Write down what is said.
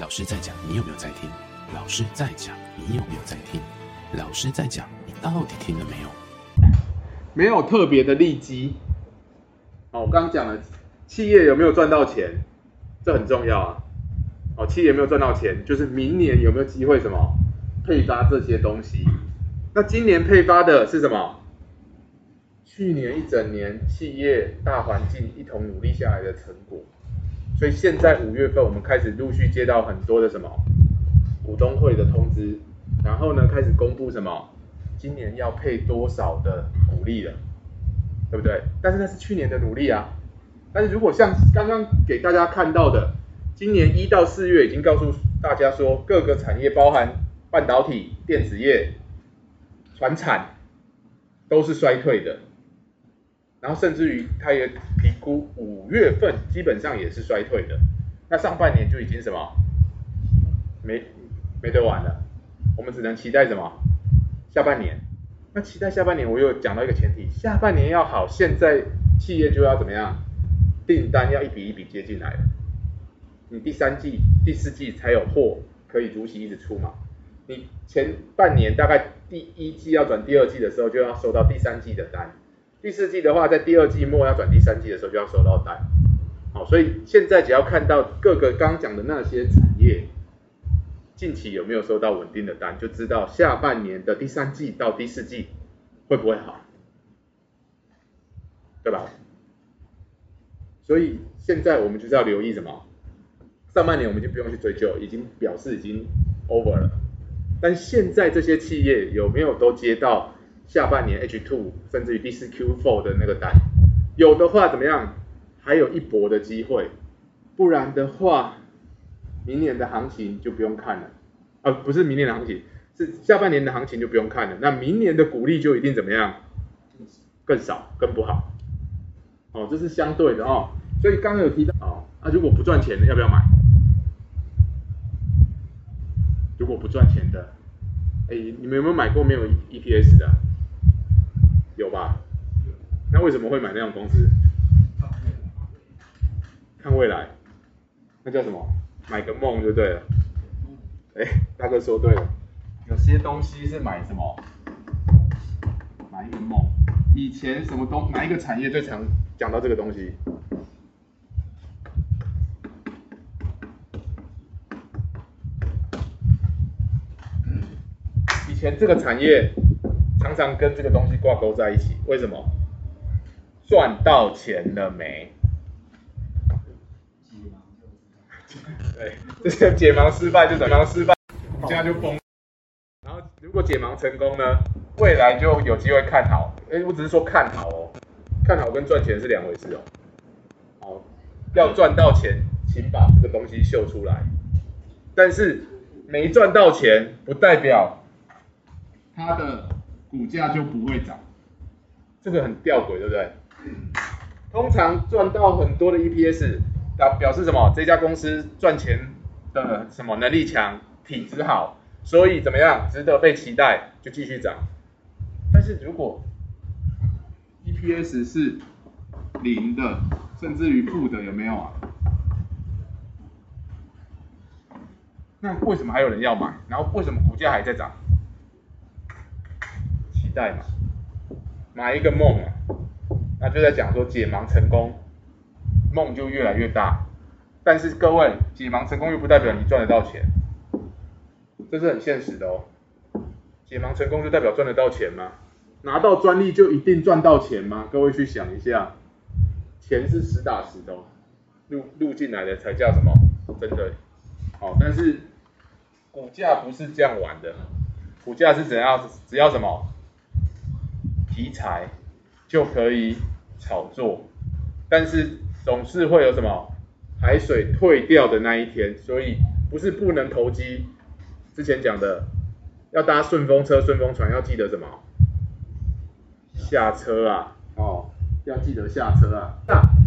老師在講，你有沒有在聽？老師在講，你有沒有在聽？老師在講，你到底聽了沒有？沒有特別的利基。哦，我剛剛講了，企業有沒有賺到錢，這很重要啊。哦，企業有沒有賺到錢，就是明年有沒有機會什麼配發這些東西？那今年配發的是什麼？去年一整年企業大環境一同努力下來的成果。所以現在五月份，我們開始陸續接到很多的什麼股東會的通知，然後呢，開始公布什麼今年要配多少的股利了，對不對？但是那是去年的努力啊。但是如果像剛剛給大家看到的，今年一到四月已經告訴大家說，各個產業包含半導體、電子業、傳產都是衰退的。然後甚至於，他也評估五月份基本上也是衰退的，那上半年就已經什麼沒沒得玩了，我們只能期待什麼下半年。那期待下半年，我又講到一個前提，下半年要好，現在企業就要怎麼樣？訂單要一筆一筆接進來，你第三季、第四季才有貨可以如期一直出嘛。你前半年大概第一季要轉第二季的時候，就要收到第三季的單。第四季的話，在第二季末要轉第三季的時候，就要收到單，好，所以現在只要看到各個剛剛講的那些產業，近期有沒有收到穩定的單，就知道下半年的第三季到第四季會不會好，對吧？所以現在我們就是要留意什麼？上半年我們就不用去追究，已經表示已經 over 了，但現在這些企業有沒有都接到？下半年 H two 甚至於第四 Q four 的那個單，有的話怎麼樣？還有一搏的機會，不然的話，明年的行情就不用看了。啊，不是明年的行情，是下半年的行情就不用看了。那明年的股利就一定怎麼樣？更少，更不好。哦，這是相對的哦。所以剛剛有提到，哦啊，如果不賺錢的要不要買？如果不賺錢的，誒，你們有沒有買過沒有 EPS 的？吧，那為什麼會買那種公司？看未來，那叫什麼？買個夢就對了。哎，大哥說對了。有些東西是買什麼？買一個夢。以前什麼東，哪一個產業最常講到這個東西？以前這個產業。常常跟這個東西掛鈎在一起，為什麼？賺到錢了沒？ 對，這些解盲失敗就怎樣失敗，這 樣就崩。然後如果解盲成功呢，未來就有機會看好。哎、欸，我只是說看好哦，看好跟賺錢是兩回事哦。好，要賺到錢，請把這個東西秀出來。但是沒賺到錢，不代表他的。股價就不會漲，這個很吊詭，對不對？嗯，通常賺到很多的 EPS，表表示什麼？這家公司賺錢的什麼能力強，體質好，所以怎麼樣，值得被期待，就繼續漲。但是如果 EPS 是零的，甚至於負的，有沒有啊？那為什麼還有人要買？然後為什麼股價還在漲？期待嘛，買一個夢啊，那就在講說解盲成功，夢就越來越大。但是各位解盲成功又不代表你賺得到錢，這是很現實的哦。解盲成功就代表賺得到錢嗎？拿到專利就一定賺到錢嗎？各位去想一下，錢是實打實的，入入進來的才叫什麼真的。哦，但是股價不是這樣玩的，股價是怎樣？只要什麼？題材就可以炒作，但是總是會有什麼海水退掉的那一天，所以不是不能投機。之前講的，要搭順風車、順風船，要記得什麼？下車啊，哦，要記得下車啊。啊